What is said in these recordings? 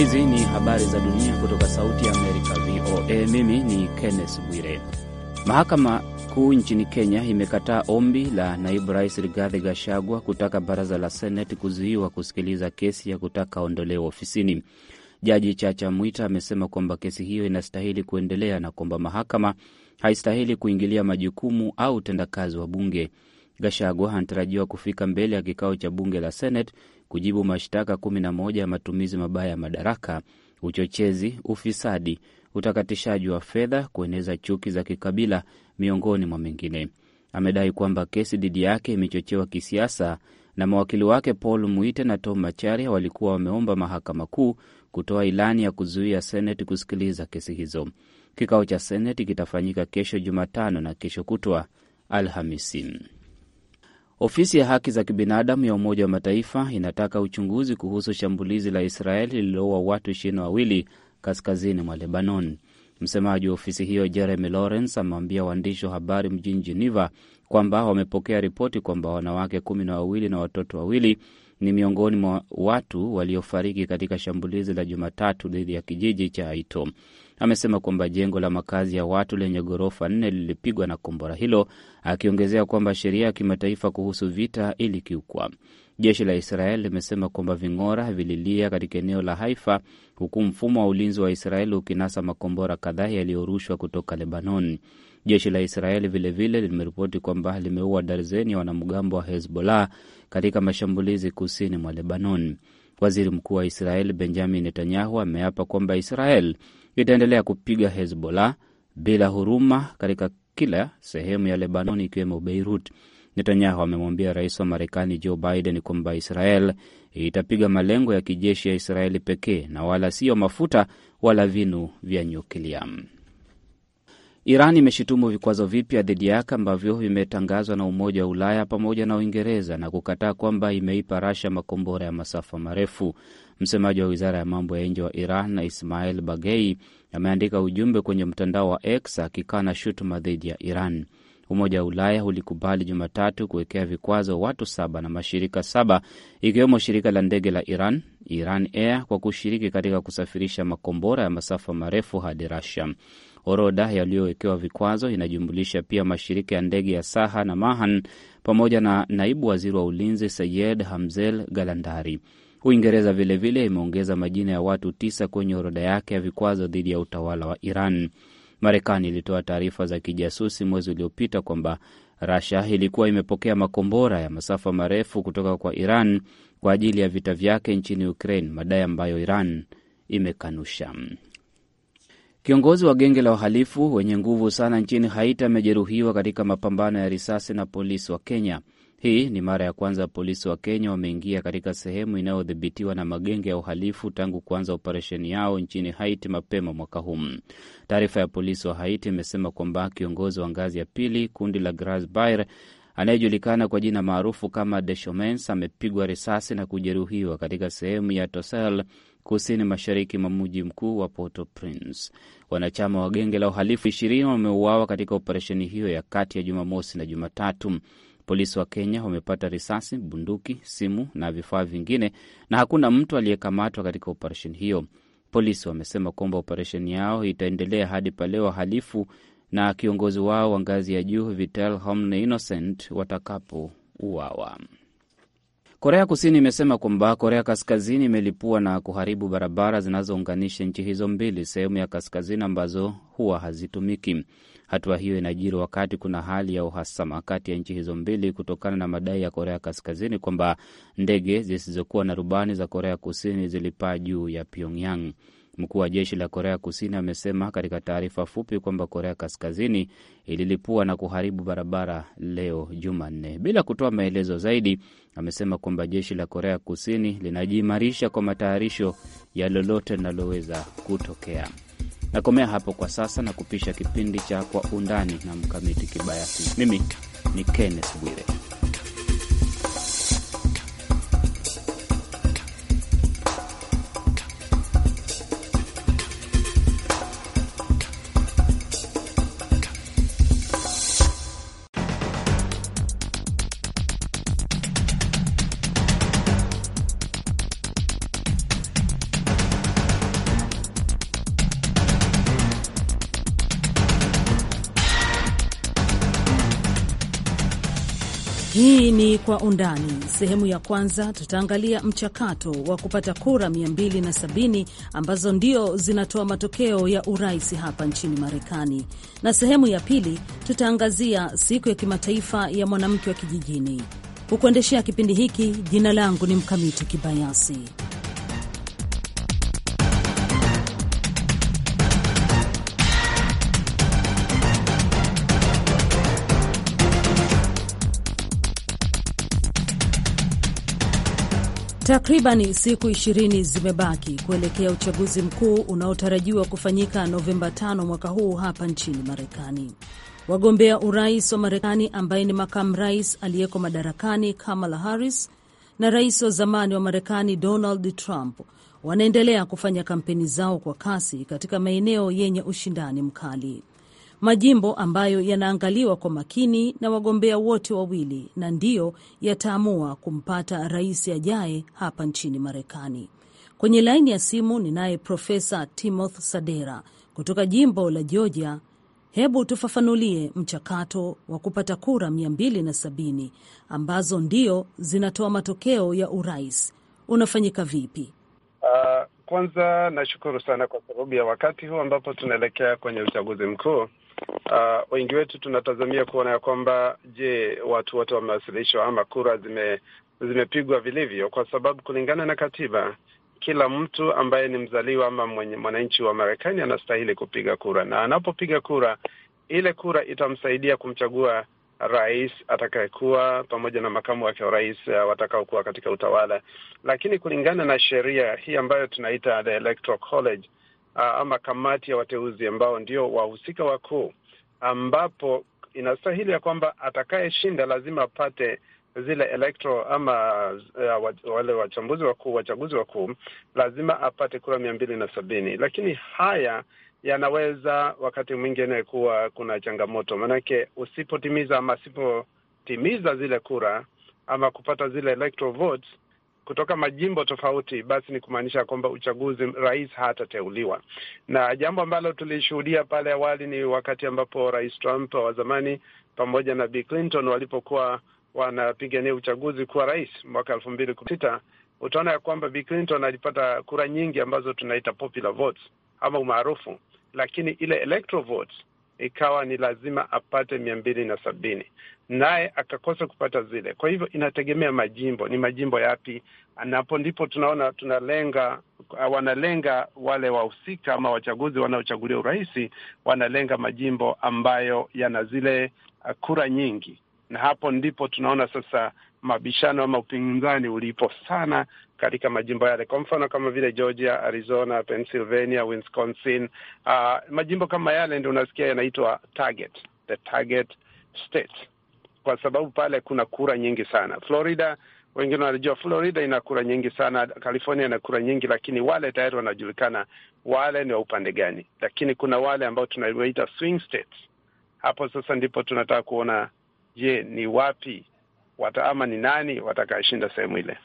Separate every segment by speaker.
Speaker 1: Hizi ni habari za dunia kutoka Sauti ya Amerika, VOA. Mimi ni Kenneth Bwire. Mahakama Kuu nchini Kenya imekataa ombi la naibu rais Rigathi Gachagua kutaka baraza la Seneti kuzuiwa kusikiliza kesi ya kutaka aondolewa ofisini. Jaji Chacha Mwita amesema kwamba kesi hiyo inastahili kuendelea na kwamba mahakama haistahili kuingilia majukumu au utendakazi wa bunge. Gashagwa anatarajiwa kufika mbele ya kikao cha bunge la Seneti kujibu mashtaka 11 ya matumizi mabaya ya madaraka, uchochezi, ufisadi, utakatishaji wa fedha, kueneza chuki za kikabila, miongoni mwa mengine. Amedai kwamba kesi dhidi yake imechochewa kisiasa na mawakili wake Paul Mwite na Tom Macharia walikuwa wameomba mahakama kuu kutoa ilani ya kuzuia seneti kusikiliza kesi hizo. Kikao cha seneti kitafanyika kesho Jumatano na kesho kutwa Alhamisi. Ofisi ya haki za kibinadamu ya Umoja wa Mataifa inataka uchunguzi kuhusu shambulizi la Israeli lililoua watu ishirini na wawili kaskazini mwa Lebanon. Msemaji wa ofisi hiyo Jeremy Lawrence amewambia waandishi wa habari mjini Geneva kwamba wamepokea ripoti kwamba wanawake kumi na wawili na watoto wawili ni miongoni mwa watu waliofariki katika shambulizi la Jumatatu dhidi ya kijiji cha Haito. Amesema kwamba jengo la makazi ya watu lenye ghorofa nne lilipigwa na kombora hilo, akiongezea kwamba sheria ya kimataifa kuhusu vita ilikiukwa. Jeshi la Israel limesema kwamba ving'ora vililia katika eneo la Haifa, huku mfumo wa ulinzi wa Israel ukinasa makombora kadhaa yaliyorushwa kutoka Lebanon. Jeshi la Israeli vilevile limeripoti kwamba limeua darzeni ya wanamgambo wa Hezbollah katika mashambulizi kusini mwa Lebanon. Waziri Mkuu wa Israel Benjamin Netanyahu ameapa kwamba Israel itaendelea kupiga Hezbollah bila huruma katika kila sehemu ya Lebanon, ikiwemo Beirut. Netanyahu amemwambia rais wa Marekani Joe Biden kwamba Israel itapiga malengo ya kijeshi ya Israeli pekee na wala siyo mafuta wala vinu vya nyuklia. Iran imeshutumu vikwazo vipya dhidi yake ambavyo vimetangazwa na Umoja wa Ulaya pamoja na Uingereza na kukataa kwamba imeipa Rasha makombora ya masafa marefu. Msemaji wa wizara ya mambo ya nje wa Iran Ismail Bagei ameandika ujumbe kwenye mtandao wa X akikana shutuma dhidi ya Iran. Umoja wa Ulaya ulikubali Jumatatu kuwekea vikwazo watu saba na mashirika saba ikiwemo shirika la ndege la Iran, Iran Air, kwa kushiriki katika kusafirisha makombora ya masafa marefu hadi Rasia. Orodha yaliyowekewa vikwazo inajumulisha pia mashirika ya ndege ya Saha na Mahan pamoja na naibu waziri wa ulinzi Sayed Hamzel Galandari. Uingereza vilevile imeongeza majina ya watu tisa kwenye orodha yake ya vikwazo dhidi ya utawala wa Iran. Marekani ilitoa taarifa za kijasusi mwezi uliopita kwamba rasha ilikuwa imepokea makombora ya masafa marefu kutoka kwa Iran kwa ajili ya vita vyake nchini Ukraine, madai ambayo Iran imekanusha. Kiongozi wa genge la uhalifu wenye nguvu sana nchini Haiti amejeruhiwa katika mapambano ya risasi na polisi wa Kenya. Hii ni mara ya kwanza polisi wa Kenya wameingia katika sehemu inayodhibitiwa na magenge ya uhalifu tangu kuanza operesheni yao nchini Haiti mapema mwaka huu. Taarifa ya polisi wa Haiti imesema kwamba kiongozi wa ngazi ya pili kundi la Gras Bair anayejulikana kwa jina maarufu kama Deshomens amepigwa risasi na kujeruhiwa katika sehemu ya Tosel kusini mashariki mwa mji mkuu wa Port-au-Prince. Wanachama wa genge la uhalifu ishirini wameuawa katika operesheni hiyo ya kati ya Jumamosi na Jumatatu. Polisi wa Kenya wamepata risasi, bunduki, simu na vifaa vingine, na hakuna mtu aliyekamatwa katika operesheni hiyo. Polisi wamesema kwamba operesheni yao itaendelea hadi pale wahalifu na kiongozi wao wa ngazi ya juu Vital Homne Innocent watakapouawa. Korea Kusini imesema kwamba Korea Kaskazini imelipua na kuharibu barabara zinazounganisha nchi hizo mbili sehemu ya kaskazini ambazo huwa hazitumiki. Hatua hiyo inajiri wakati kuna hali ya uhasama kati ya nchi hizo mbili kutokana na madai ya Korea Kaskazini kwamba ndege zisizokuwa na rubani za Korea Kusini zilipaa juu ya Pyongyang. Mkuu wa jeshi la Korea Kusini amesema katika taarifa fupi kwamba Korea Kaskazini ililipua na kuharibu barabara leo Jumanne. Bila kutoa maelezo zaidi, amesema kwamba jeshi la Korea Kusini linajiimarisha kwa matayarisho ya lolote linaloweza kutokea. Nakomea hapo kwa sasa na kupisha kipindi cha Kwa Undani na Mkamiti Kibayasi. Mimi ni Kenneth Bwire.
Speaker 2: Kwa undani sehemu ya kwanza, tutaangalia mchakato wa kupata kura 270 ambazo ndio zinatoa matokeo ya urais hapa nchini Marekani, na sehemu ya pili tutaangazia siku ya kimataifa ya mwanamke wa kijijini. Kukuendeshea kipindi hiki, jina langu ni Mkamiti Kibayasi. Takribani siku ishirini zimebaki kuelekea uchaguzi mkuu unaotarajiwa kufanyika Novemba 5 mwaka huu hapa nchini Marekani. Wagombea urais wa Marekani ambaye ni makamu rais aliyeko madarakani Kamala Harris na rais wa zamani wa Marekani Donald Trump wanaendelea kufanya kampeni zao kwa kasi katika maeneo yenye ushindani mkali majimbo ambayo yanaangaliwa kwa makini na wagombea wote wawili na ndiyo yataamua kumpata rais ajaye hapa nchini Marekani. Kwenye laini ya simu ninaye Profesa Timothy Sadera kutoka jimbo la Georgia. Hebu tufafanulie mchakato wa kupata kura 270 ambazo ndio zinatoa matokeo ya urais unafanyika vipi?
Speaker 3: Uh, kwanza nashukuru sana kwa sababu ya wakati huu ambapo tunaelekea kwenye uchaguzi mkuu. Uh, wengi wetu tunatazamia kuona ya kwamba je, watu wote wamewasilishwa ama kura zime, zimepigwa vilivyo, kwa sababu kulingana na katiba kila mtu ambaye ni mzaliwa ama mwenye mwananchi wa Marekani anastahili kupiga kura, na anapopiga kura, ile kura itamsaidia kumchagua rais atakayekuwa pamoja na makamu wake wa rais eh, watakaokuwa katika utawala. Lakini kulingana na sheria hii ambayo tunaita the Electoral College ama kamati ya wateuzi ambao ndio wahusika wakuu, ambapo inastahili ya kwamba atakayeshinda lazima apate zile electro ama uh, wale wachambuzi wakuu, wachaguzi wakuu lazima apate kura mia mbili na sabini. Lakini haya yanaweza wakati mwingine kuwa kuna changamoto, maanake usipotimiza ama asipotimiza zile kura ama kupata zile electro votes kutoka majimbo tofauti, basi ni kumaanisha kwamba uchaguzi rais hatateuliwa. Na jambo ambalo tulishuhudia pale awali ni wakati ambapo rais Trump wa zamani pamoja na Bill Clinton walipokuwa wanapigania uchaguzi kuwa rais mwaka elfu mbili kumi na sita utaona ya kwamba Bill Clinton alipata kura nyingi ambazo tunaita popular votes ama umaarufu, lakini ile electoral votes ikawa ni lazima apate mia mbili na sabini naye akakosa kupata zile. Kwa hivyo inategemea majimbo, ni majimbo yapi, napo ndipo tunaona tunalenga, wanalenga wale wahusika ama wachaguzi wanaochagulia urais, wanalenga majimbo ambayo yana zile uh, kura nyingi, na hapo ndipo tunaona sasa mabishano ama upinzani ulipo sana katika majimbo yale, kwa mfano kama vile Georgia, Arizona, Pennsylvania, Wisconsin. Uh, majimbo kama yale ndio unasikia yanaitwa target, the target state, kwa sababu pale kuna kura nyingi sana. Florida wengine wanajua Florida ina kura nyingi sana, California ina kura nyingi, lakini wale tayari wanajulikana wale ni wa upande gani. Lakini kuna wale ambao tunawaita swing states. Hapo sasa ndipo tunataka kuona, je, ni wapi wata ama ni nani watakaeshinda sehemu ile.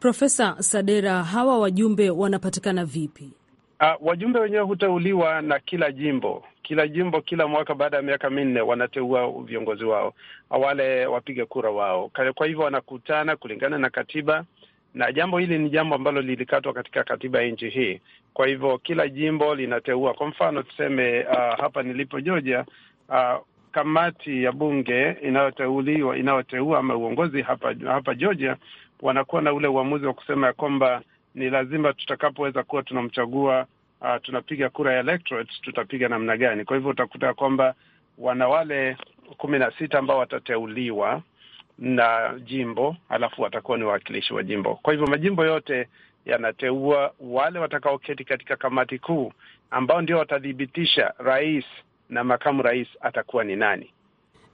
Speaker 2: Profesa Sadera, hawa wajumbe wanapatikana vipi?
Speaker 3: Uh, wajumbe wenyewe huteuliwa na kila jimbo kila jimbo kila mwaka baada ya miaka minne wanateua viongozi wao wale wapiga kura wao. Kwa hivyo wanakutana kulingana na katiba, na jambo hili ni jambo ambalo lilikatwa katika katiba ya nchi hii. Kwa hivyo kila jimbo linateua. Kwa mfano tuseme, uh, hapa nilipo Georgia, uh, kamati ya bunge inayoteuliwa inayoteua ama uongozi hapa hapa Georgia wanakuwa na ule uamuzi wa kusema ya kwamba ni lazima tutakapoweza kuwa tunamchagua uh, tunapiga kura ya electorate, tutapiga namna gani? Kwa hivyo utakuta ya kwamba wana wale kumi na sita ambao watateuliwa na jimbo, alafu watakuwa ni wawakilishi wa jimbo. Kwa hivyo majimbo yote yanateua wale watakaoketi katika kamati kuu ambao ndio watathibitisha rais na makamu rais atakuwa ni nani.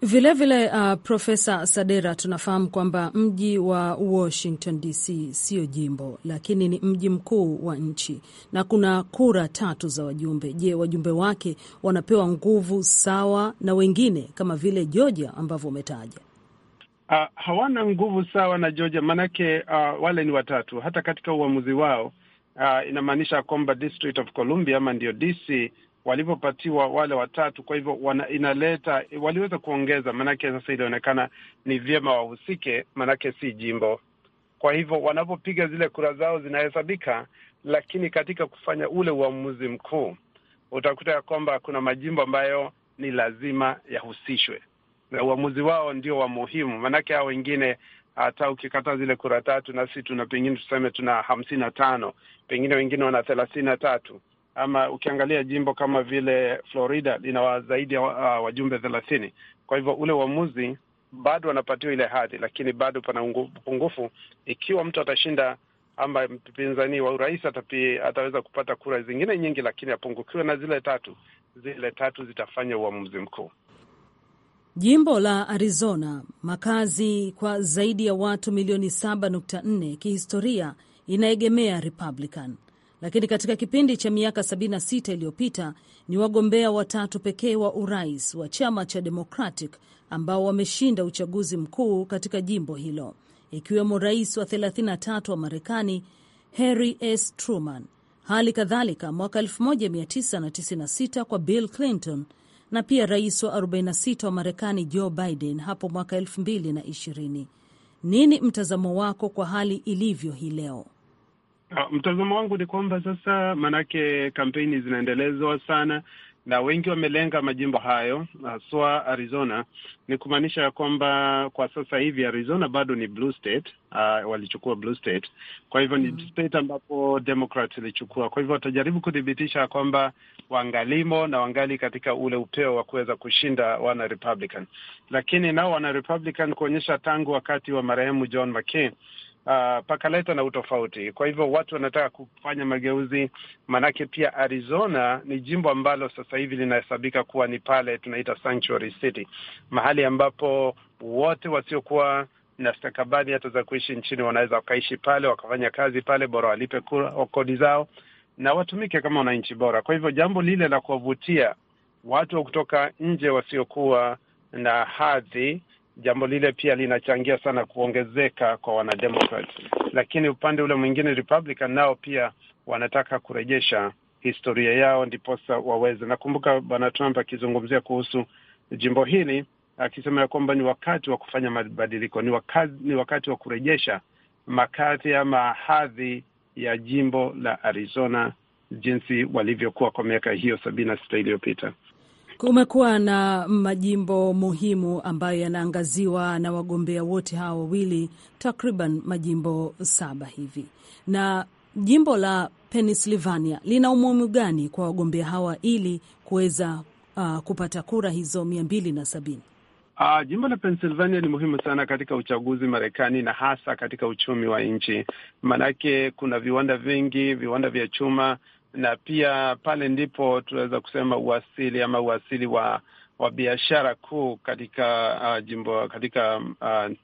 Speaker 2: Vilevile uh, Profesa Sadera, tunafahamu kwamba mji wa Washington DC sio jimbo, lakini ni mji mkuu wa nchi na kuna kura tatu za wajumbe. Je, wajumbe wake wanapewa nguvu sawa na wengine kama vile Georgia ambavyo umetaja?
Speaker 3: Uh, hawana nguvu sawa na Georgia maanake, uh, wale ni watatu. Hata katika uamuzi wao, uh, inamaanisha kwamba District of Columbia ama ndio DC walivyopatiwa wale watatu. Kwa hivyo wana, inaleta waliweza kuongeza, maanake sasa ilionekana ni vyema wahusike, maanake si jimbo. Kwa hivyo wanapopiga zile kura zao zinahesabika, lakini katika kufanya ule uamuzi mkuu utakuta ya kwamba kuna majimbo ambayo ni lazima yahusishwe na uamuzi wao ndio wa muhimu, maanake hao wengine hata ukikata zile kura tatu, nasi tuna pengine tuseme tuna hamsini na tano, pengine wengine wana thelathini na tatu ama ukiangalia jimbo kama vile Florida lina zaidi ya uh, wajumbe thelathini. Kwa hivyo ule uamuzi bado wanapatiwa ile hadhi, lakini bado pana upungufu. Ikiwa mtu atashinda ama mpinzani wa urais atapi, ataweza kupata kura zingine nyingi, lakini apungukiwe na zile tatu, zile tatu zitafanya uamuzi mkuu.
Speaker 2: Jimbo la Arizona, makazi kwa zaidi ya watu milioni 7.4, kihistoria inaegemea Republican lakini katika kipindi cha miaka 76 iliyopita ni wagombea watatu pekee wa urais wa chama cha Democratic ambao wameshinda uchaguzi mkuu katika jimbo hilo, ikiwemo rais wa 33 wa Marekani Harry S. Truman, hali kadhalika mwaka 1996 kwa Bill Clinton na pia rais wa 46 wa Marekani Joe Biden hapo mwaka 2020. Nini mtazamo wako kwa hali ilivyo hii leo?
Speaker 3: Ah, mtazamo wangu ni kwamba sasa, maanake kampeni zinaendelezwa sana na wengi wamelenga majimbo hayo haswa Arizona. Ni kumaanisha ya kwamba kwa sasa hivi Arizona bado ni blue state. Uh, walichukua blue state, kwa hivyo mm -hmm. ni state ambapo Democrat ilichukua. Kwa hivyo watajaribu kuthibitisha kwamba wangalimo na wangali katika ule upeo wa kuweza kushinda wana Republican, lakini nao wana Republican kuonyesha tangu wakati wa marehemu John McCain uh, pakaleta na utofauti. Kwa hivyo watu wanataka kufanya mageuzi, maanake pia Arizona ni jimbo ambalo sasa hivi linahesabika kuwa ni pale tunaita sanctuary city, mahali ambapo wote wasiokuwa na stakabadhi hata za kuishi nchini wanaweza wakaishi pale, wakafanya kazi pale, bora walipe kodi zao na watumike kama wananchi bora. Kwa hivyo jambo lile la kuwavutia watu wa kutoka nje wasiokuwa na hadhi jambo lile pia linachangia sana kuongezeka kwa wanademokrat. Lakini upande ule mwingine Republican nao pia wanataka kurejesha historia yao, ndiposa waweze. Nakumbuka bwana Trump akizungumzia kuhusu jimbo hili akisema ya kwamba ni wakati wa kufanya mabadiliko, ni wakati, ni wakati wa kurejesha makati ama hadhi ya jimbo la Arizona jinsi walivyokuwa kwa miaka hiyo sabini na sita iliyopita.
Speaker 2: Kumekuwa na majimbo muhimu ambayo yanaangaziwa na wagombea wote hawa wawili, takriban majimbo saba hivi. Na jimbo la Pennsylvania lina umuhimu gani kwa wagombea hawa ili kuweza uh, kupata kura hizo mia mbili na sabini?
Speaker 3: Uh, jimbo la Pennsylvania ni muhimu sana katika uchaguzi Marekani na hasa katika uchumi wa nchi, maanake kuna viwanda vingi, viwanda vya chuma na pia pale ndipo tunaweza kusema uasili ama uasili wa wa biashara kuu katika uh, jimbo katika uh,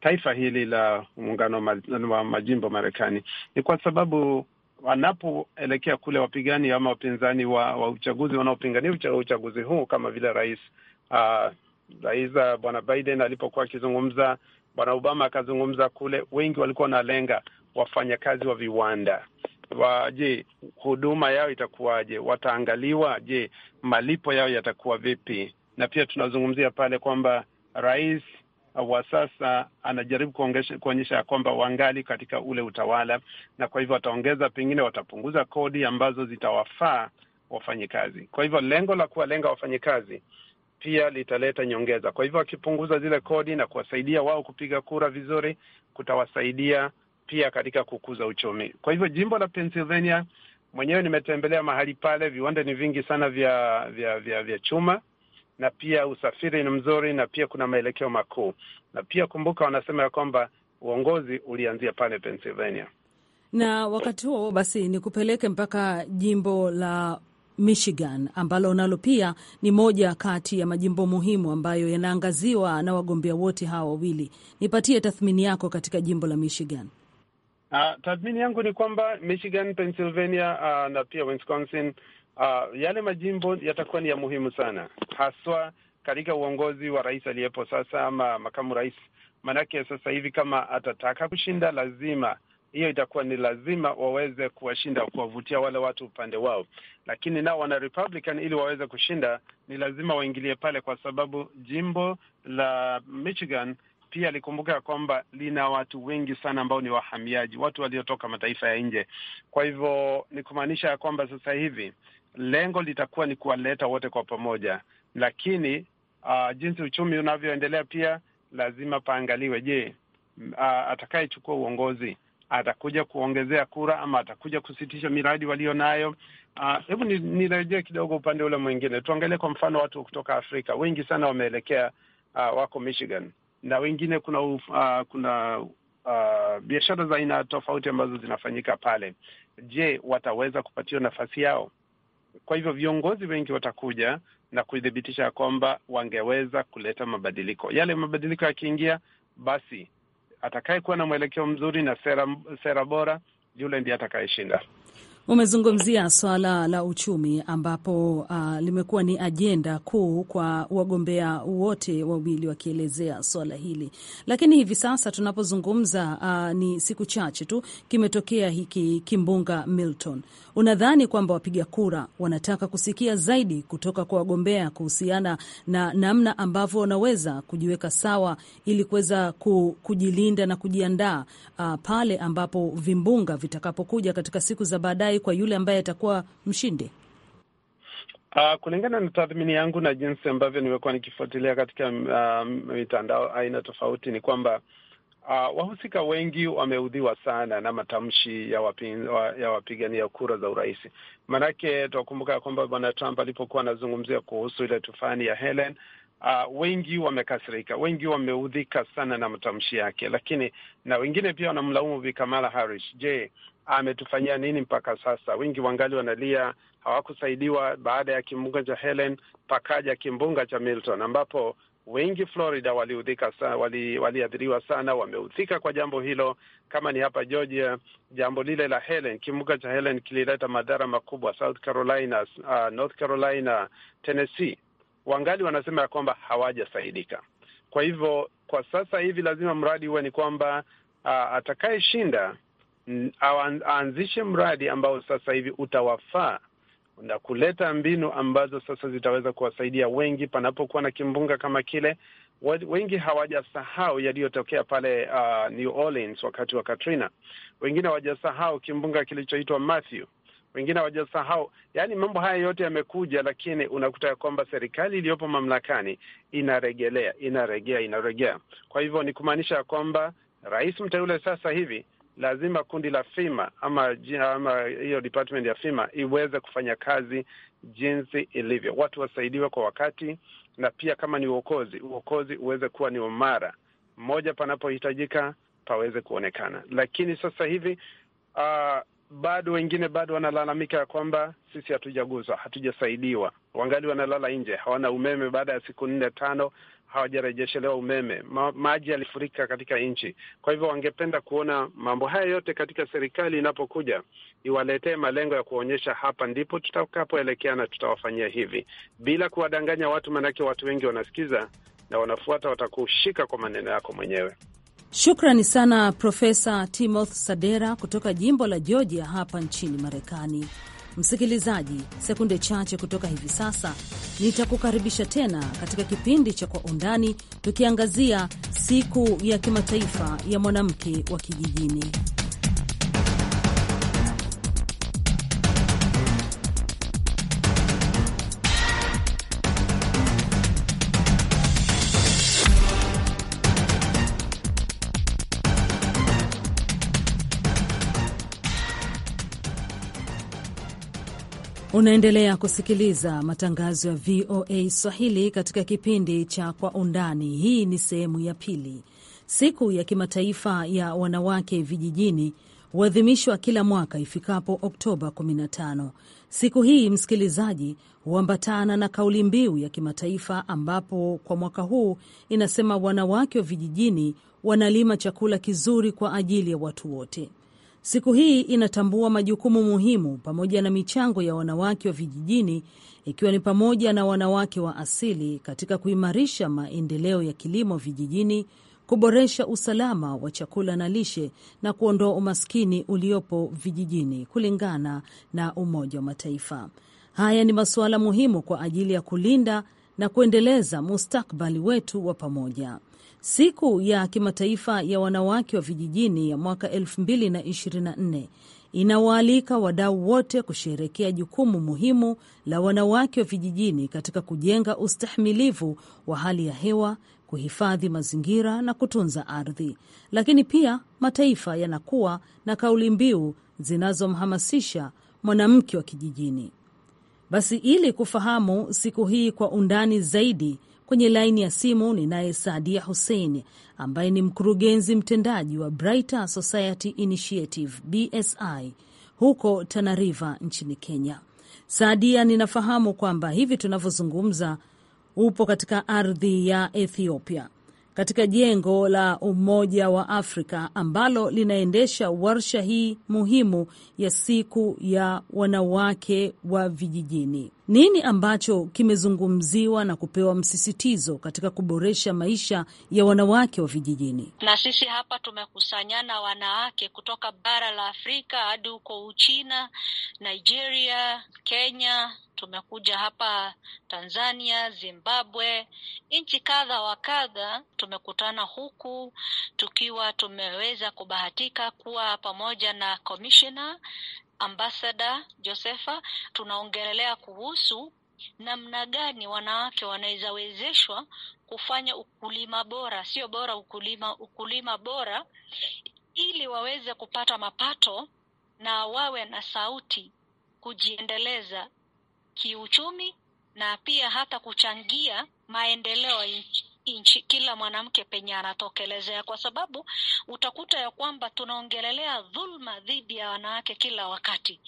Speaker 3: taifa hili la muungano wa majimbo Marekani ni kwa sababu wanapoelekea kule wapigani ama wapinzani wa, wa uchaguzi wanaopingania ucha, uchaguzi huu kama vile rais uh, rais uh, bwana Biden alipokuwa akizungumza, bwana Obama akazungumza kule, wengi walikuwa wanalenga wafanyakazi wa viwanda wa je, huduma yao itakuwaje? Wataangaliwa je, malipo yao yatakuwa vipi? Na pia tunazungumzia pale kwamba rais wa sasa anajaribu kuonyesha ya kwamba wangali katika ule utawala, na kwa hivyo wataongeza, pengine watapunguza kodi ambazo zitawafaa wafanyikazi. Kwa hivyo lengo la kuwalenga wafanyikazi pia litaleta nyongeza. Kwa hivyo wakipunguza zile kodi na kuwasaidia wao kupiga kura vizuri, kutawasaidia pia katika kukuza uchumi. Kwa hivyo jimbo la Pennsylvania mwenyewe nimetembelea mahali pale, viwanda ni vingi sana vya vya vya, vya chuma na pia usafiri ni mzuri, na pia kuna maelekeo makuu, na pia kumbuka, wanasema ya kwamba uongozi ulianzia pale Pennsylvania.
Speaker 2: Na wakati huo basi ni kupeleke mpaka jimbo la Michigan ambalo nalo pia ni moja kati ya majimbo muhimu ambayo yanaangaziwa na wagombea wote hawa wawili. Nipatie tathmini yako katika jimbo la Michigan.
Speaker 3: Uh, tathmini yangu ni kwamba Michigan, Pennsylvania uh, na pia Wisconsin uh, yale majimbo yatakuwa ni ya muhimu sana, haswa katika uongozi wa rais aliyepo sasa ama makamu rais, maanake sasa hivi kama atataka kushinda, lazima hiyo itakuwa ni lazima waweze kuwashinda, kuwavutia wale watu upande wao. Lakini nao wana Republican, ili waweze kushinda, ni lazima waingilie pale, kwa sababu jimbo la Michigan pia likumbuka kwamba lina watu wengi sana ambao ni wahamiaji, watu waliotoka mataifa ya nje. Kwa hivyo ni kumaanisha ya kwamba sasa hivi lengo litakuwa ni kuwaleta wote kwa pamoja, lakini uh, jinsi uchumi unavyoendelea pia lazima paangaliwe. Je, uh, atakayechukua uongozi atakuja kuongezea kura ama atakuja kusitisha miradi walio nayo? Ah, hebu uh, nirejee kidogo upande ule mwingine, tuangalie kwa mfano watu kutoka Afrika wengi sana wameelekea uh, wako Michigan na wengine kuna uf, uh, kuna uh, biashara za aina tofauti ambazo zinafanyika pale. Je, wataweza kupatiwa nafasi yao? Kwa hivyo viongozi wengi watakuja na kuthibitisha ya kwamba wangeweza kuleta mabadiliko yale. Mabadiliko yakiingia, basi atakayekuwa na mwelekeo mzuri na sera, sera bora yule ndiye atakayeshinda.
Speaker 2: Umezungumzia swala la uchumi ambapo uh, limekuwa ni ajenda kuu kwa wagombea wote wawili wakielezea swala hili, lakini hivi sasa tunapozungumza, uh, ni siku chache tu kimetokea hiki kimbunga Milton. Unadhani kwamba wapiga kura wanataka kusikia zaidi kutoka kwa wagombea kuhusiana na namna ambavyo wanaweza kujiweka sawa ili kuweza kujilinda na kujiandaa uh, pale ambapo vimbunga vitakapokuja katika siku za baadaye kwa yule ambaye atakuwa mshindi?
Speaker 3: Uh, kulingana na tathmini yangu na jinsi ambavyo nimekuwa nikifuatilia katika uh, mitandao aina tofauti ni kwamba uh, wahusika wengi wameudhiwa sana na matamshi ya wapin, wa, ya wapigania kura za urais. Maanake tunakumbuka kwamba bwana Trump alipokuwa anazungumzia kuhusu ile tufani ya Helen uh, wengi wamekasirika, wengi wameudhika sana na matamshi yake, lakini na wengine pia wanamlaumu Bi Kamala Harris. Je, ametufanyia nini mpaka sasa? Wengi wangali wanalia hawakusaidiwa baada ya kimbunga cha Helen, pakaja kimbunga cha Milton ambapo wengi Florida waliudhika sana, wali, waliathiriwa sana, wameudhika kwa jambo hilo. Kama ni hapa Georgia, jambo lile la Helen, kimbunga cha Helen kilileta madhara makubwa South Carolina, uh, North Carolina, Tennessee wangali wanasema ya kwamba hawajasaidika. Kwa hivyo kwa sasa hivi lazima mradi huwe ni kwamba atakayeshinda aanzishe mradi ambao sasa hivi utawafaa na kuleta mbinu ambazo sasa zitaweza kuwasaidia wengi panapokuwa na kimbunga kama kile. Wengi hawajasahau yaliyotokea pale uh, New Orleans wakati wa Katrina. Wengine hawajasahau kimbunga kilichoitwa Matthew wengine hawajasahau. Yaani mambo haya yote yamekuja, lakini unakuta ya kwamba serikali iliyopo mamlakani inaregelea inaregea inaregea. Kwa hivyo ni kumaanisha ya kwamba rais mteule sasa hivi lazima kundi la fima ama ama hiyo department ya FIMA iweze kufanya kazi jinsi ilivyo, watu wasaidiwe kwa wakati, na pia kama ni uokozi, uokozi uweze kuwa ni umara mmoja, panapohitajika paweze kuonekana. Lakini sasa hivi uh, bado wengine bado wanalalamika ya kwamba sisi hatujaguzwa, hatujasaidiwa, wangali wanalala nje, hawana umeme baada ya siku nne tano hawajarejeshelewa umeme. Ma, maji yalifurika katika nchi. Kwa hivyo wangependa kuona mambo haya yote katika serikali inapokuja iwaletee malengo ya kuonyesha hapa ndipo tutakapoelekea na tutawafanyia hivi, bila kuwadanganya watu, maanake watu wengi wanasikiza na wanafuata, watakushika kwa maneno yako mwenyewe.
Speaker 2: Shukrani sana Profesa Timothy Sadera kutoka jimbo la Georgia hapa nchini Marekani. Msikilizaji, sekunde chache kutoka hivi sasa nitakukaribisha tena katika kipindi cha Kwa Undani, tukiangazia siku ya kimataifa ya mwanamke wa kijijini. Unaendelea kusikiliza matangazo ya VOA Swahili katika kipindi cha Kwa Undani. Hii ni sehemu ya pili. Siku ya Kimataifa ya Wanawake Vijijini huadhimishwa kila mwaka ifikapo Oktoba 15. Siku hii, msikilizaji, huambatana na kauli mbiu ya kimataifa ambapo kwa mwaka huu inasema wanawake wa vijijini wanalima chakula kizuri kwa ajili ya watu wote. Siku hii inatambua majukumu muhimu pamoja na michango ya wanawake wa vijijini ikiwa ni pamoja na wanawake wa asili katika kuimarisha maendeleo ya kilimo vijijini, kuboresha usalama wa chakula na lishe na kuondoa umaskini uliopo vijijini kulingana na Umoja wa Mataifa. Haya ni masuala muhimu kwa ajili ya kulinda na kuendeleza mustakbali wetu wa pamoja. Siku ya Kimataifa ya Wanawake wa Vijijini ya mwaka 2024 inawaalika wadau wote kusheherekea jukumu muhimu la wanawake wa vijijini katika kujenga ustahimilivu wa hali ya hewa, kuhifadhi mazingira na kutunza ardhi. Lakini pia mataifa yanakuwa na kauli mbiu zinazomhamasisha mwanamke wa kijijini. Basi ili kufahamu siku hii kwa undani zaidi Kwenye laini ya simu ninaye sadia Hussein ambaye ni mkurugenzi mtendaji wa Brighter Society Initiative BSI huko Tanariva nchini Kenya. sadia ninafahamu kwamba hivi tunavyozungumza upo katika ardhi ya Ethiopia katika jengo la Umoja wa Afrika ambalo linaendesha warsha hii muhimu ya siku ya wanawake wa vijijini. Nini ambacho kimezungumziwa na kupewa msisitizo katika kuboresha maisha ya wanawake wa vijijini?
Speaker 4: Na sisi hapa tumekusanyana wanawake kutoka bara la Afrika hadi huko Uchina, Nigeria, Kenya, tumekuja hapa Tanzania, Zimbabwe, nchi kadha wa kadha. Tumekutana huku tukiwa tumeweza kubahatika kuwa pamoja na komishona Ambasada Josepha, tunaongelea kuhusu namna gani wanawake wanaweza wezeshwa kufanya ukulima bora, sio bora ukulima, ukulima bora ili waweze kupata mapato na wawe na sauti kujiendeleza kiuchumi na pia hata kuchangia maendeleo ya nchi nchi, kila mwanamke penye anatokelezea, kwa sababu utakuta ya kwamba tunaongelelea dhulma dhidi ya wanawake kila wakati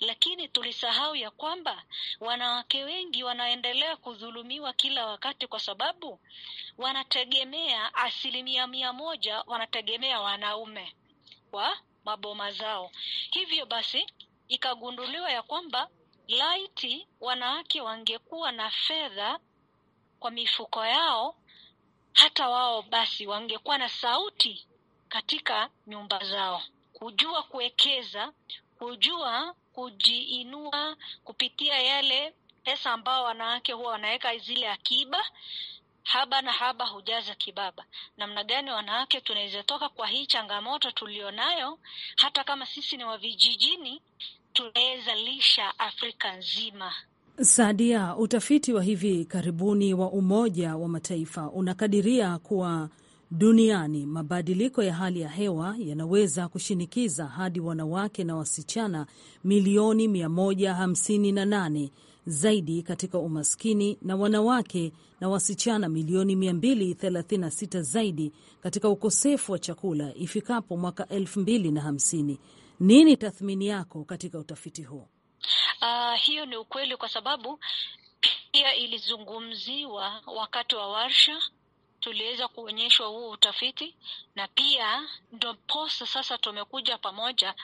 Speaker 4: lakini tulisahau ya kwamba wanawake wengi wanaendelea kudhulumiwa kila wakati, kwa sababu wanategemea asilimia mia moja wanategemea wanaume kwa maboma zao. Hivyo basi ikagunduliwa ya kwamba laiti wanawake wangekuwa na fedha kwa mifuko yao hata wao basi wangekuwa na sauti katika nyumba zao, kujua kuwekeza, kujua kujiinua kupitia yale pesa ambao wanawake huwa wanaweka zile akiba. Haba na haba hujaza kibaba. Namna gani wanawake tunaweza toka kwa hii changamoto tulionayo? Hata kama sisi ni wa vijijini, tunaweza lisha Afrika nzima.
Speaker 2: Sadia, utafiti wa hivi karibuni wa Umoja wa Mataifa unakadiria kuwa duniani mabadiliko ya hali ya hewa yanaweza kushinikiza hadi wanawake na wasichana milioni 158 zaidi katika umaskini na wanawake na wasichana milioni 236 zaidi katika ukosefu wa chakula ifikapo mwaka 2050. Nini tathmini yako katika utafiti huo?
Speaker 4: Uh, hiyo ni ukweli kwa sababu pia ilizungumziwa wakati wa warsha tuliweza kuonyeshwa huu utafiti na pia ndo posa sasa tumekuja pamoja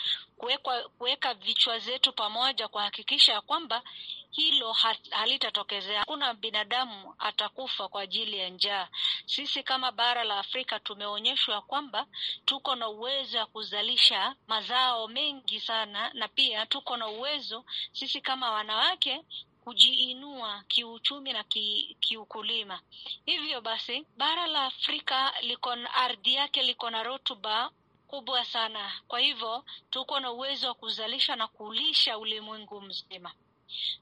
Speaker 4: kuweka vichwa zetu pamoja kuhakikisha ya kwamba hilo halitatokezea. Hakuna binadamu atakufa kwa ajili ya njaa. Sisi kama bara la Afrika tumeonyeshwa kwamba tuko na uwezo wa kuzalisha mazao mengi sana, na pia tuko na uwezo sisi kama wanawake kujiinua kiuchumi na ki, kiukulima. Hivyo basi bara la Afrika liko na ardhi yake, liko na rutuba kubwa sana. Kwa hivyo tuko na uwezo wa kuzalisha na kulisha ulimwengu mzima.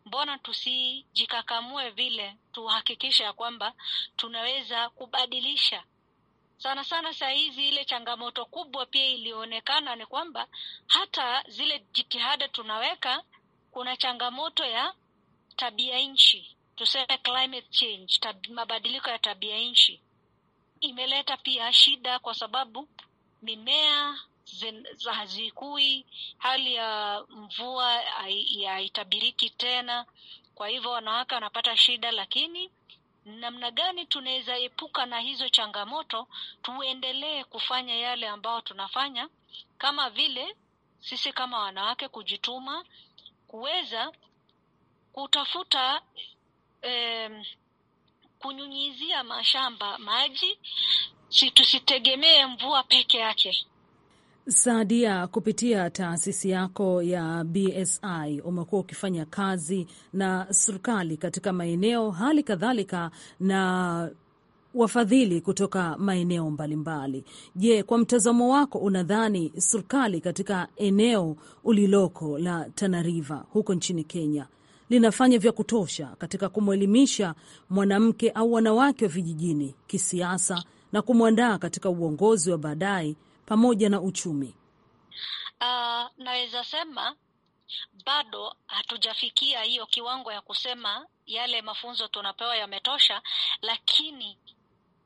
Speaker 4: Mbona tusijikakamue vile, tuhakikisha ya kwamba tunaweza kubadilisha sana sana. Saa hizi ile changamoto kubwa pia ilionekana ni kwamba hata zile jitihada tunaweka, kuna changamoto ya tabia nchi, tuseme climate change, tab mabadiliko ya tabia nchi imeleta pia shida, kwa sababu mimea hazikui, hali ya mvua haitabiriki tena. Kwa hivyo wanawake wanapata shida, lakini namna gani tunaweza epuka na hizo changamoto, tuendelee kufanya yale ambayo tunafanya, kama vile sisi kama wanawake kujituma, kuweza kutafuta eh, kunyunyizia mashamba maji, si tusitegemee mvua peke yake.
Speaker 2: Saadia, kupitia taasisi yako ya BSI umekuwa ukifanya kazi na serikali katika maeneo, hali kadhalika na wafadhili kutoka maeneo mbalimbali. Je, kwa mtazamo wako unadhani serikali katika eneo uliloko la Tana River huko nchini Kenya linafanya vya kutosha katika kumwelimisha mwanamke au wanawake wa vijijini kisiasa na kumwandaa katika uongozi wa baadaye pamoja na uchumi?
Speaker 4: Uh, naweza sema bado hatujafikia hiyo kiwango ya kusema yale mafunzo tunapewa yametosha, lakini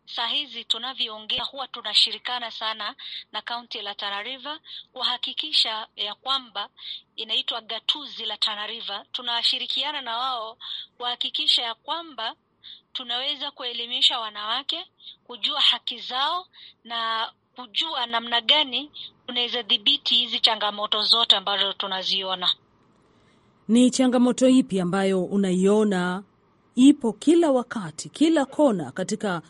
Speaker 4: saa hizi tunavyoongea huwa tunashirikana sana na kaunti la Tana River kuhakikisha ya kwamba inaitwa gatuzi la Tana River. Tunashirikiana na wao kuhakikisha ya kwamba tunaweza kuelimisha wanawake kujua haki zao na kujua namna gani unaweza dhibiti hizi changamoto zote ambazo tunaziona.
Speaker 2: Ni changamoto ipi ambayo unaiona ipo kila wakati, kila kona katika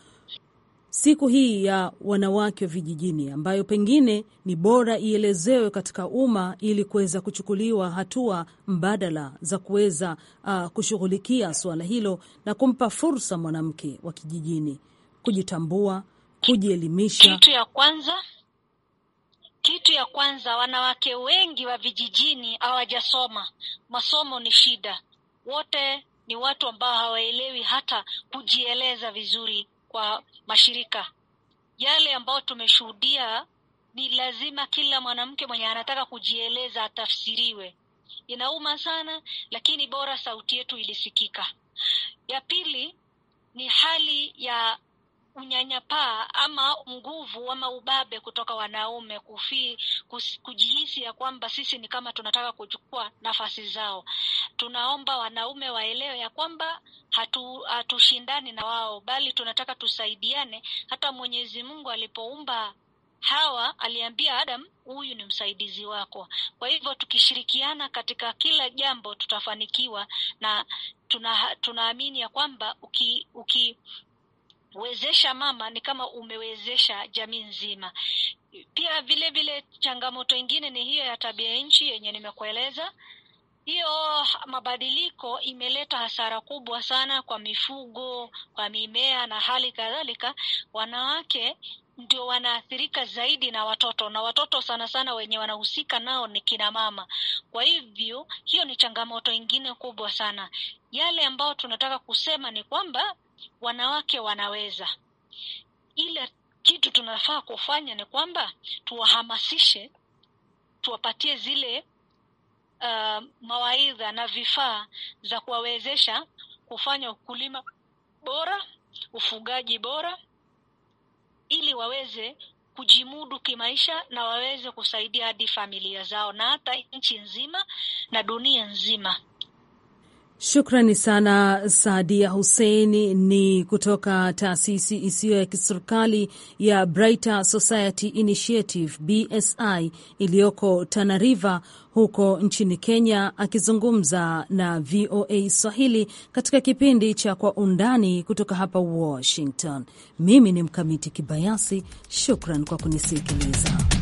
Speaker 2: siku hii ya wanawake wa vijijini ambayo pengine ni bora ielezewe katika umma ili kuweza kuchukuliwa hatua mbadala za kuweza uh, kushughulikia suala hilo na kumpa fursa mwanamke wa kijijini kujitambua, kujielimisha? Kitu
Speaker 4: ya kwanza, kitu ya kwanza, wanawake wengi wa vijijini hawajasoma. Masomo ni shida, wote ni watu ambao hawaelewi hata kujieleza vizuri kwa mashirika yale ambayo tumeshuhudia. Ni lazima kila mwanamke mwenye anataka kujieleza atafsiriwe. Inauma sana, lakini bora sauti yetu ilisikika. Ya pili ni hali ya unyanyapaa ama nguvu ama ubabe kutoka wanaume kufi, kujihisi ya kwamba sisi ni kama tunataka kuchukua nafasi zao. Tunaomba wanaume waelewe ya kwamba hatu hatushindani na wao, bali tunataka tusaidiane. Hata Mwenyezi Mungu alipoumba Hawa aliambia Adam, huyu ni msaidizi wako. Kwa hivyo tukishirikiana katika kila jambo tutafanikiwa, na tuna, tunaamini ya kwamba uki, uki, Wezesha mama ni kama umewezesha jamii nzima. Pia vile vile changamoto ingine ni hiyo ya tabia nchi yenye nimekueleza. Hiyo mabadiliko imeleta hasara kubwa sana kwa mifugo, kwa mimea na hali kadhalika. Wanawake ndio wanaathirika zaidi na watoto, na watoto sana sana wenye wanahusika nao ni kina mama. Kwa hivyo hiyo ni changamoto ingine kubwa sana. Yale ambayo tunataka kusema ni kwamba wanawake wanaweza. Ile kitu tunafaa kufanya ni kwamba tuwahamasishe, tuwapatie zile uh, mawaidha na vifaa za kuwawezesha kufanya ukulima bora, ufugaji bora, ili waweze kujimudu kimaisha na waweze kusaidia hadi familia zao na hata nchi nzima na dunia nzima.
Speaker 2: Shukrani sana Saadia Hussein ni kutoka taasisi isiyo ya kiserikali ya Brighter Society Initiative BSI iliyoko Tana River huko nchini Kenya, akizungumza na VOA Swahili katika kipindi cha Kwa Undani kutoka hapa Washington. Mimi ni Mkamiti Kibayasi, shukran kwa kunisikiliza.